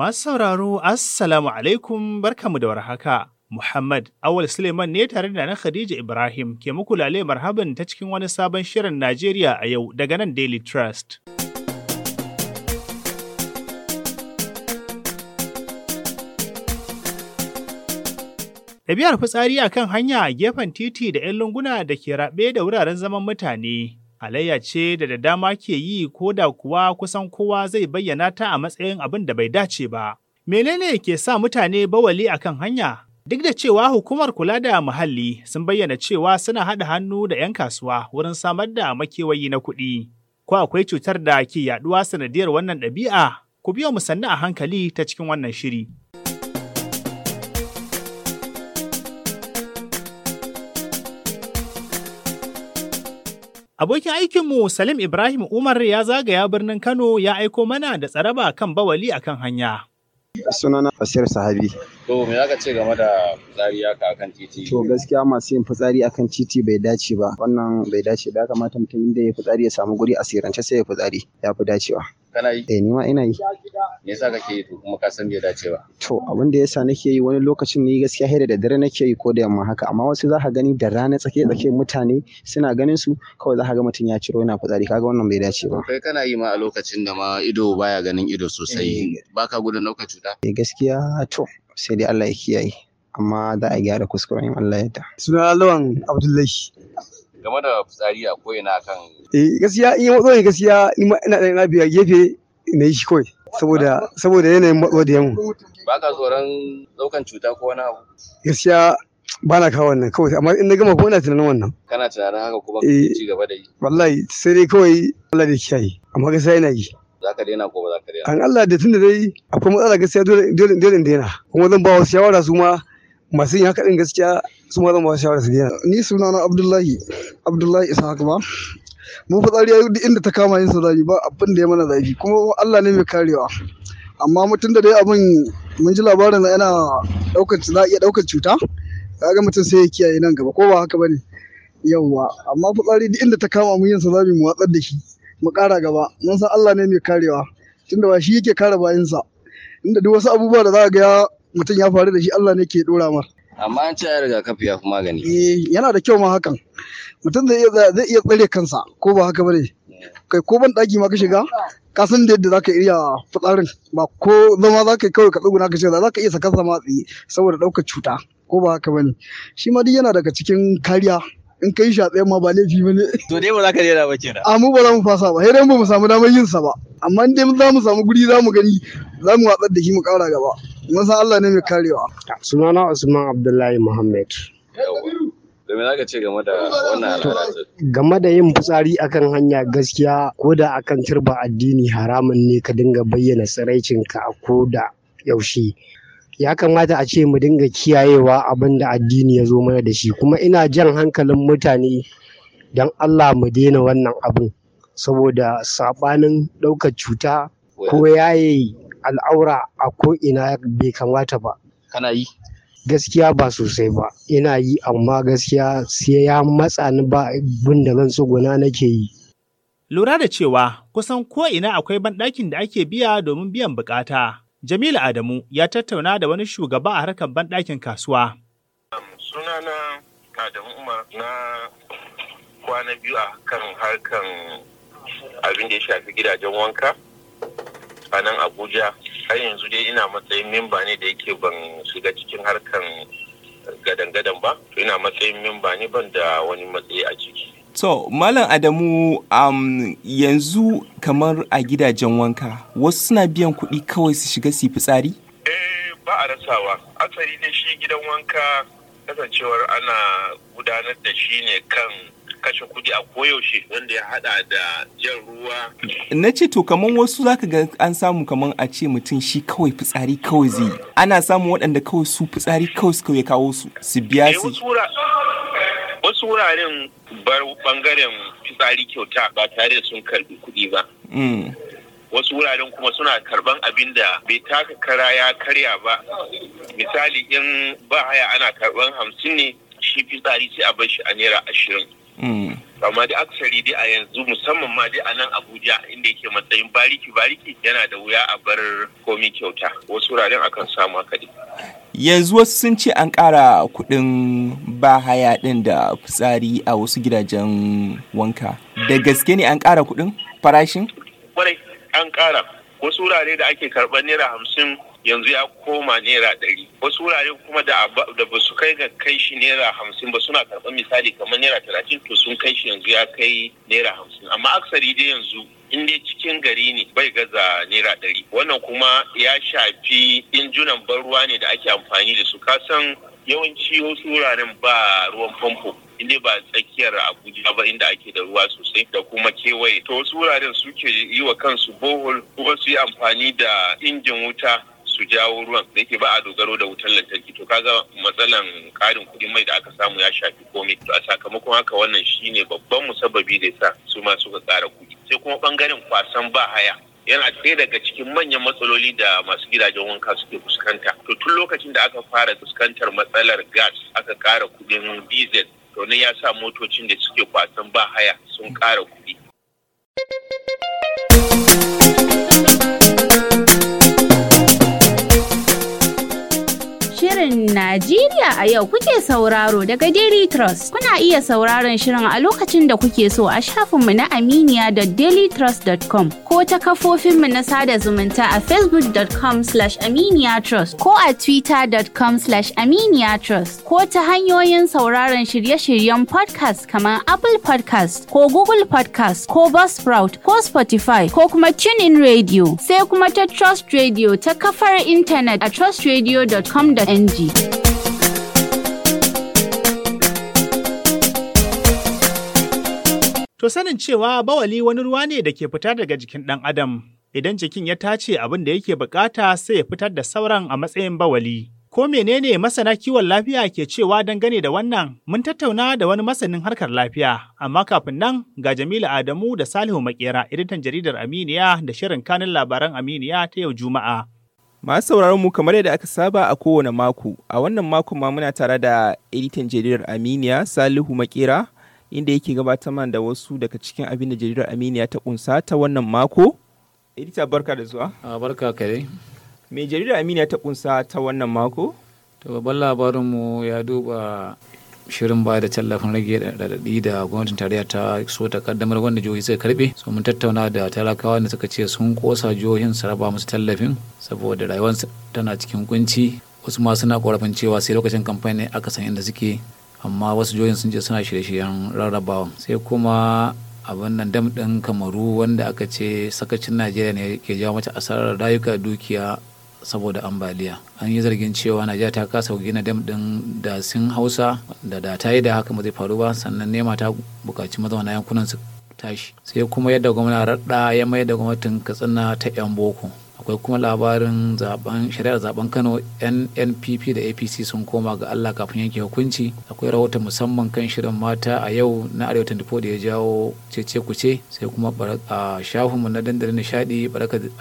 Masu sauraro, Assalamu alaikum barkamu da warhaka. Muhammad Awal Suleiman ne tare da na Khadija Ibrahim ke muku lale marhaban ta cikin wani sabon shirin Najeriya a yau daga nan Daily Trust. Ɗabi'ar fitsari a kan hanya gefen titi da 'yan lunguna da ke raɓe da wuraren zaman mutane alayya ce da da dama ke yi ko da kuwa kusan kowa zai bayyana ta a matsayin abin da bai dace ba. Menene ke sa mutane bawali a kan hanya? Duk da cewa hukumar kula da muhalli sun bayyana cewa suna haɗa hannu da 'yan kasuwa wurin samar da makewayi na kuɗi. Ko akwai cutar da ke yaɗuwa sanadiyar wannan ɗabi'a? Ku biyo mu sannu a hankali ta cikin wannan shiri. Abokin aikinmu Salim Ibrahim Umar ya zagaya birnin Kano ya aiko mana da tsaraba kan bawali akan hanya. Sunana Basir Sahabi. To me ce game da fitsari akan titi? To gaskiya masu yin fitsari akan titi bai dace ba. Wannan bai dace da kamata mutum inda ya fitsari ya samu guri a sirance sai ya fitsari. Ya fi dacewa. kana yi eh ni ma ina yi me yasa kake yi to kuma ka san bai dace ba to abin da yasa nake yi wani lokacin ni gaskiya hira da dare nake yi ko da yamma haka amma wasu za ka gani da rana tsake tsake mm. mutane suna ganin su kawai za ka ga mutum ya ciro yana fitsari kaga wannan bai dace ba kai kana yi ma a lokacin da ma ido baya ganin ido sosai eh. baka gudun ɗaukar cuta eh gaskiya to sai dai Allah ya kiyaye amma za a gyara kuskuren Allah ya ta suna lawan Abdullahi game da fitsari a ko'ina kan eh gaskiya in matso ne gaskiya in ina da na biya gefe na yi shi kawai saboda saboda yanayin matso da yamu ba ka tsoron daukan cuta ko wani abu gaskiya ba na kawo wannan kawai amma in na gama ko ina tunanin wannan kana tunanin haka kuma eh, ci gaba da yi wallahi sai dai kawai Allah da kiyaye amma gaskiya yana yi za ka daina ko ba za ka daina an Allah da tunda dai akwai matsala gaskiya dole dole dole in daina kuma zan ba wasu shawara su ma masu yin haka din gaskiya su ma zan ba wasu shawara su daina ni sunana Abdullahi Abdullahi Ishaq ba mu fitsari yayi duk inda ta kama yin sa ba abin da ya mana zafi kuma Allah ne mai karewa amma mutum da dai abin mun ji labarin yana daukar za iya daukar cuta kaga mutum sai ya kiyaye nan gaba ko ba haka bane yawwa amma fitsari duk inda ta kama mun yin sa mu watsar da shi mu kara gaba mun san Allah ne mai karewa tunda ba shi yake kare bayinsa inda duk wasu abubuwa da za ga mutum ya faru da shi Allah ne ke dora mar amma an ce a rigakafi ya fi magani eh yana da kyau ma hakan mutum zai iya tsare kansa ko ba haka bane kai ko ban daki ma ka shiga ka san da yadda zaka iya fitsarin ba ko zama zaka yi kawai ka tsuguna ka shiga zaka iya sakar sa saboda ɗaukar cuta ko ba haka bane shi ma duk yana daga cikin kariya in kai shi a ma ba laifi ba ne. To dai ba za ka daina ba kenan. A mu ba za mu fasa ba, sai dai ba mu samu damar yin sa ba. Amma dai za mu samu guri za mu gani za mu watsar da shi mu ƙara gaba. Mun san Allah ne mai karewa. Sunana Usman Abdullahi Muhammad. domin za ka ce game da wannan game da yin fitsari akan hanya gaskiya ko da akan turba addini haramun ne ka dinga bayyana tsiraicinka a ko da yaushe ya kamata a ce mu dinga kiyayewa abin da addini ya zo mana da shi kuma ina jan hankalin mutane don Allah mu daina wannan abin saboda sabanin ɗaukar cuta ko yaye al'aura a ko ina bai kamata ba kana yi gaskiya ba sosai ba ina yi amma gaskiya sai ya matsa ni ba abin da zan tsuguna nake yi lura da cewa kusan ko'ina akwai banɗakin da ake biya domin biyan bukata Jamilu Adamu ya tattauna da wani shugaba a harkar banɗakin kasuwa. Sunana Adamu Umar na kwana biyu a kan harkar abin da ya shafi gidajen wanka a nan Abuja. Har yanzu dai ina matsayin memba ne da yake ban shiga cikin harkar gadan-gadan ba. Ina matsayin memba ne ban da wani matsayi a ciki. So, Malam Adamu um, yanzu kamar a gidajen wanka, wasu suna biyan kuɗi kawai su shiga su fitsari? Eh, ba a rasawa. Asali dai shi gidan wanka kasancewar ana gudanar da shi ne kan kashe kuɗi a koyaushe wanda ya haɗa da jan ruwa. Na ce to kamar wasu zaka ga an samu kamar a ce mutum shi kawai fitsari kawai zai Ana samun waɗanda kawai su fitsari kawai su ya kawo su su biya eh, su. wasu wuraren bar bangaren fitsari kyauta ba tare da sun karbi kuɗi ba. Mm. Wasu wuraren kuma suna karban abin da bai taka kara ya karya ba. Misali in ba haya ana karban hamsin ne shi fitsari sai a bar shi a naira ashirin. Mm. amma da aksari dai a yanzu musamman ma dai a nan abuja inda yake matsayin bariki bariki yana da wuya a bar komi kyauta wasu wuraren akan samu haka dai yanzu wasu sun ce an ƙara kuɗin bahaya ɗin da fitsari a wasu gidajen wanka da gaske ne an ƙara kuɗin farashin? kwarai an ƙara wasu wurare da ake karɓar naira hamsin yanzu ya koma naira ɗari wasu wurare kuma da ba su kai ga kai shi naira hamsin ba suna karɓar misali kamar naira talatin to sun kai shi yanzu ya kai naira hamsin amma aksari dai yanzu in dai cikin gari ne bai gaza naira ɗari wannan kuma ya shafi injunan ban ruwa ne da ake amfani da su Ka san yawanci wasu wuraren ba ruwan famfo inda ba tsakiyar abuja ba inda ake da ruwa sosai da kuma kewaye to wasu wuraren suke yi wa kansu bohol kuma su yi amfani da injin wuta su jawo ruwan da yake ba a dogaro da wutar lantarki to kaga matsalan karin kuɗin mai da aka samu ya shafi komai to a sakamakon haka wannan shine babban musabbabi da yasa su ma suka ƙara kuɗi sai kuma bangaren kwasan ba haya yana ɗaya daga cikin manyan matsaloli da masu gidajen wanka suke fuskanta to tun lokacin da aka fara fuskantar matsalar gas aka ƙara kuɗin diesel to ne ya sa motocin da suke kwasan ba haya sun ƙara kuɗi. Shirin Najeriya a yau kuke sauraro daga Daily Trust. Kuna iya sauraron shirin a lokacin da kuke so a shafinmu na aminiya.dailytrust.com ko ta kafofinmu na sada zumunta a facebook.com slash aminiya trust ko a twitter.com slash aminiya trust ko ta hanyoyin sauraron shirye-shiryen podcast kamar Apple podcast ko Google podcast ko Buzzsprout ko Spotify ko kuma TuneIn Radio sai kuma ta Trust Radio ta kafar intanet a trustradio.com.ng To sanin cewa bawali wani ruwa ne da ke fita daga jikin ɗan adam. Idan jikin ya tace abin da yake bukata sai ya fitar da sauran a matsayin bawali. Ko menene masana kiwon lafiya ke cewa dangane da wannan? Mun tattauna da wani masanin harkar lafiya, amma kafin nan ga Jamilu Adamu da Salihu Makera editan jaridar Aminiya da shirin kanin labaran Aminiya ta yau Juma'a. Masu sauraron mu kamar yadda aka saba a kowane mako, a wannan mako ma muna tare da editan jaridar Aminiya Salihu Makera inda yake gabatar man da wasu daga cikin abin da jaridar Aminiya ta kunsa ta wannan mako. Edita barka da zuwa. A ah, barka kare. Me jaridar Aminiya ta kunsa ta wannan mako? To babban labarinmu ya duba shirin baya da tallafin rage raɗaɗi da gwamnatin tarayya ta so ta kaddamar wanda jihohi suka karbe so mun tattauna da talakawa da suka ce sun kosa jihohin su raba musu tallafin saboda rayuwarsu tana cikin kunci wasu ma suna korafin cewa sai lokacin kamfani aka san inda suke amma wasu jihohin sun ce suna shirye-shiryen rarrabawa sai kuma abin nan dam ɗin kamaru wanda aka ce sakacin najeriya ne ke jawo mata asarar rayuka dukiya saboda ambaliya an yi zargin cewa najeriya ta kasa gina dam din dasin hausa da da ta yi da haka ba zai faru ba sannan nema ta bukaci mazauna yankunan su tashi sai kuma yadda gwamna raɗa ya mai da gwamnatin katsina ta yan boko akwai kuma labarin zaben shari'ar zaben kano nnpp da apc sun koma ga allah kafin yanke hukunci akwai rahoton musamman kan shirin mata a yau na arewa 24 da ya jawo cece kuce sai kuma a shafinmu na dandalin nishadi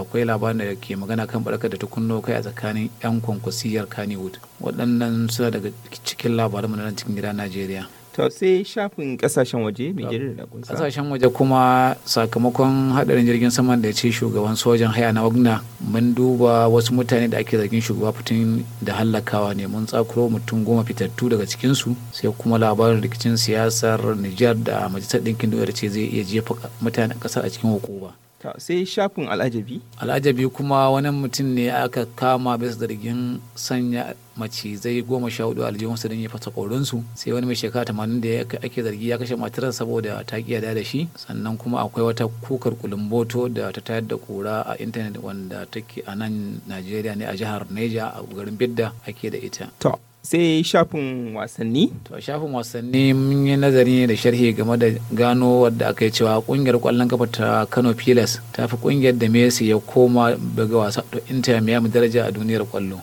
akwai labarin da ke magana kan baraka da tukunno kai a tsakanin yan kwankwasiyar kannywood waɗannan suna daga cikin labarin na cikin gida najeriya to sai shafin kasashen waje mai jirgin da kunsa kasashen waje kuma sakamakon hadarin jirgin saman da ya ce shugaban sojan haya na wagna mun duba wasu mutane da ake zargin shugaba putin da hallakawa ne mun tsakuro mutum goma fitattu daga cikin su sai kuma labarin rikicin siyasar nijar da majalisar ɗinkin duniya ce zai iya jefa mutane kasar a cikin hukuma sai shafin al'ajabi al'ajabi kuma wani mutum ne aka kama bisa zargin sanya macizai goma sha hudu aljihunsa don ya fasa korinsu sai wani mai shekara tamanin da ake zargi ya kashe matar saboda ta kiyada da shi sannan kuma akwai wata kukar kulumboto da ta tayar da kura a intanet wanda take a nan najeriya ne a jihar neja a garin bidda ake da ita sai shafin wasanni? To shafin wasanni mun yi nazari da sharhi game da gano wadda aka yi cewa kungiyar kwallon kafa ta Kano Pilas ta fi kungiyar da Messi ya koma daga wasa to Inter Miami daraja a duniyar kwallo.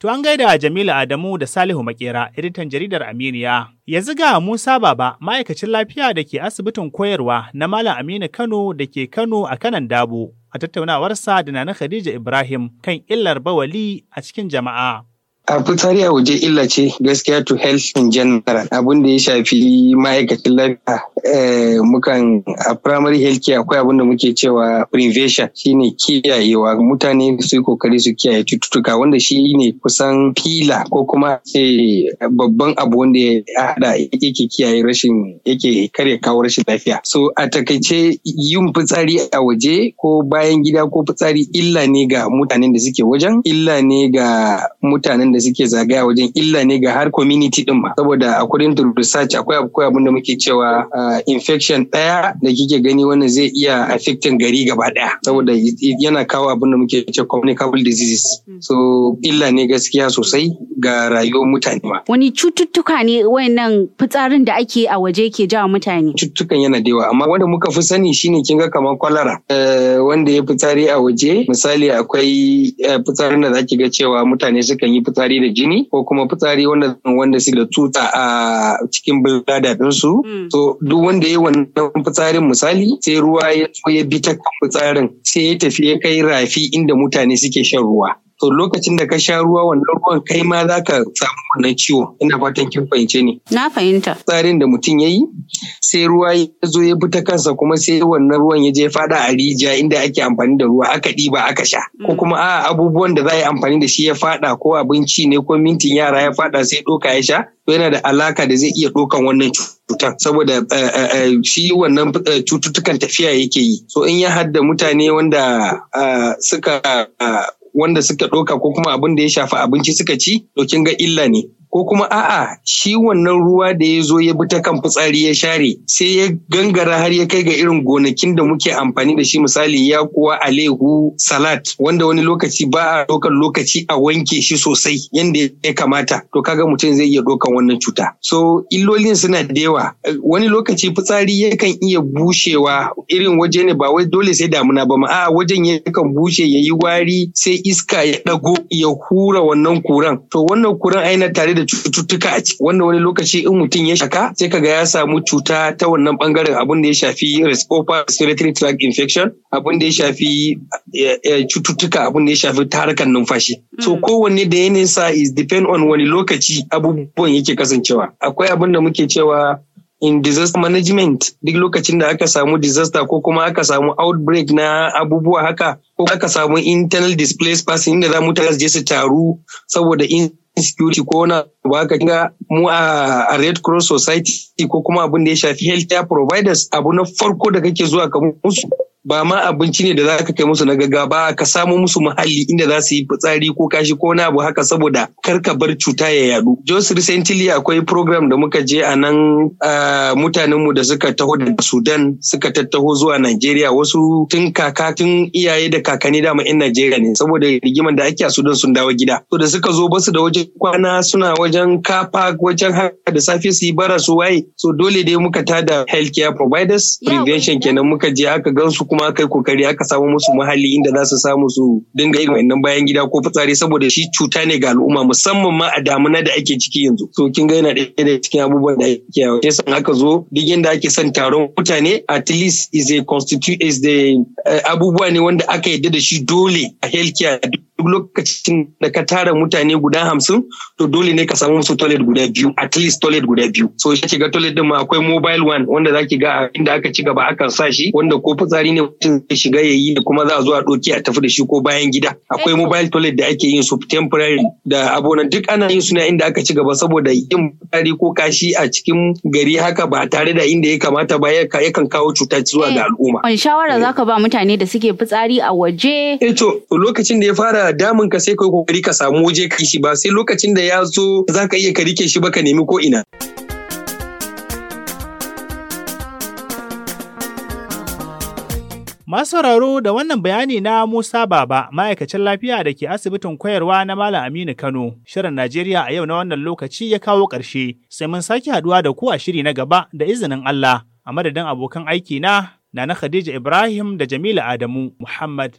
To an gaida Jamilu Adamu da Salihu Makera, editan jaridar Aminiya. Yanzu ga Musa Baba, ma'aikacin lafiya da ke asibitin koyarwa na Malam Aminu Kano da ke Kano a kanan Dabo, a tattaunawarsa da Nana Khadija Ibrahim kan illar bawali a cikin jama'a. a fitsari a waje illa ce gaskiya to health in general abin da ya shafi ma'aikacin lafiya eh, mukan a primary health care akwai abin da muke cewa prevention shine kiyayewa mutane su yi kokari su kiyaye cututtuka wanda shi ne kusan fila ko kuma ce babban abu wanda ya hada yake kiyaye rashin yake kare kawo rashin lafiya so a takaice yin fitsari a waje ko bayan gida ko fitsari illa ne ga mutanen da suke wajen illa ne ga mutanen da da suke zagaya wajen illa ne ga har community din ma saboda a kudin research akwai akwai abin da muke cewa ah, infection daya da kike gani wanda zai iya affecting gari gaba daya saboda yana kawo abun da muke cewa communicable diseases mm. so illa ne gaskiya sosai ga rayuwar mutane ma wani cututtuka ne wayannan fitsarin da ake a waje ke jawa mutane cututtukan yana da yawa amma wanda muka fi sani shine kin ga kamar kwalara eh, wanda ya fitari a waje misali akwai eh, fitsarin da zaki ga cewa mutane sukan yi fitsari fitsari da jini ko kuma fitsari wanda wanda suke da tuta a cikin bulada ɗinsu. To mm. duk wanda ya wannan fitsarin misali sai ruwa ya ya bi ta fitsarin sai ya tafi ya kai rafi inda mutane suke shan ruwa. to lokacin da ka sha ruwa wannan ruwan kai ma za ka samu wannan ciwo ina fatan kin fahimce ni na fahimta tsarin da mutum ya yi sai ruwa ya zo ya fita ta kansa kuma sai wannan ruwan ya je fada a rijiya inda ake amfani da ruwa aka ɗiba aka sha ko mm. kuma a abubuwan da za yi amfani da shi ya fada ko abinci ne ko mintin yara ya fada sai ɗoka ya sha to yana da alaka da zai iya ɗokan wannan cutar saboda eh, eh, eh, shi wannan cututtukan tafiya yake yi so in ya hadda mutane wanda suka wanda suka ɗauka ko kuma abin da ya shafi abinci suka ci to kin ga illa ne ko kuma a'a shi wannan ruwa da ya zo ya bi ta kan fitsari ya share sai ya gangara har ya kai ga irin gonakin da muke amfani da shi misali ya kuwa alehu salat wanda wani lokaci ba a ɗaukar lokaci a wanke shi sosai yadda ya kamata to kaga mutum zai iya ɗaukan wannan cuta so illolin suna da yawa wani lokaci fitsari yakan iya bushewa irin waje ne ba wai dole sai damuna ba ma a'a wajen yakan bushe ya yi wari sai iska ya ɗago ya hura wannan kuran to wannan kuran aina tare da da cututtuka a ciki wanda wani lokaci in mutum ya shaka sai ka ga ya samu cuta ta wannan bangaren abin da ya shafi respiratory tract infection abin da ya shafi cututtuka abin da ya shafi tarukan numfashi so mm. kowanne da yanayin sa is depend on wani lokaci abubuwan yake kasancewa akwai abin da muke cewa in disaster management duk lokacin da aka samu disaster ko kuma aka samu outbreak na abubuwa haka ko aka samu internal displaced person inda za mutane su je su taru saboda security ko na abu kinga mu a Red Cross Society ko kuma abin da ya shafi care providers abu na farko da kake zuwa ka musu ba ma abinci ne da za ka kai musu na gaga ba ka samo musu muhalli inda za su yi fitsari ko kashi ko na abu haka saboda kar ka bar cuta ya yadu. Jos recently akwai program da muka je a nan mutanenmu da suka taho da Sudan suka tattaho zuwa Najeriya wasu tun kaka tun iyaye da kakanni dama 'yan Najeriya ne saboda rigiman da ake a Sudan sun dawo gida. To da suka zo basu da wajen kwana suna wajen kafa wajen haka da safe su yi bara su waye. So dole dai muka tada healthcare providers prevention eh. kenan muka je aka gansu kuma kai kokari aka samu musu muhalli inda za su samu su dinga irin wannan bayan gida ko fitsari saboda shi cuta ne ga al'umma musamman ma a damuna da ake ciki yanzu so kin ga yana ɗaya da cikin abubuwan da ake yawa sai san aka zo duk yanda ake son taron mutane at least is a constitute is the eh, abubuwa ne wanda aka yadda da shi dole a healthcare duk lokacin da ka tara mutane guda hamsin to dole ne ka samu musu toilet guda biyu at least toilet guda biyu so shi ga toilet din ma akwai mobile one wanda zaki ga inda aka ci gaba akan sa shi wanda ko fitsari ne mutum zai shiga yayi da kuma za a zo a doki a tafi da shi ko bayan gida akwai mobile toilet da ake yin su temporary da abonan duk ana yin su ne inda aka ci gaba saboda yin fitsari ko kashi a cikin gari haka ba tare da inda ya kamata ba yakan kawo cuta zuwa ga eh, al'umma. Wani shawara eh. zaka ba mutane da suke fitsari a waje? Eh to lokacin da ya fara yana damun ka sai kai kokari ka samu waje ka shi ba sai lokacin da ya zo za ka iya ka rike shi ba ka nemi ko ina. Masu sauraro da wannan bayani na Musa Baba, ma'aikacin lafiya da ke asibitin koyarwa na Malam Aminu Kano, shirin Najeriya a yau na wannan lokaci ya kawo ƙarshe, sai mun sake haduwa da ku a shiri na gaba da izinin Allah, a madadin abokan aiki na, na na Khadija Ibrahim da Jamilu Adamu Muhammad.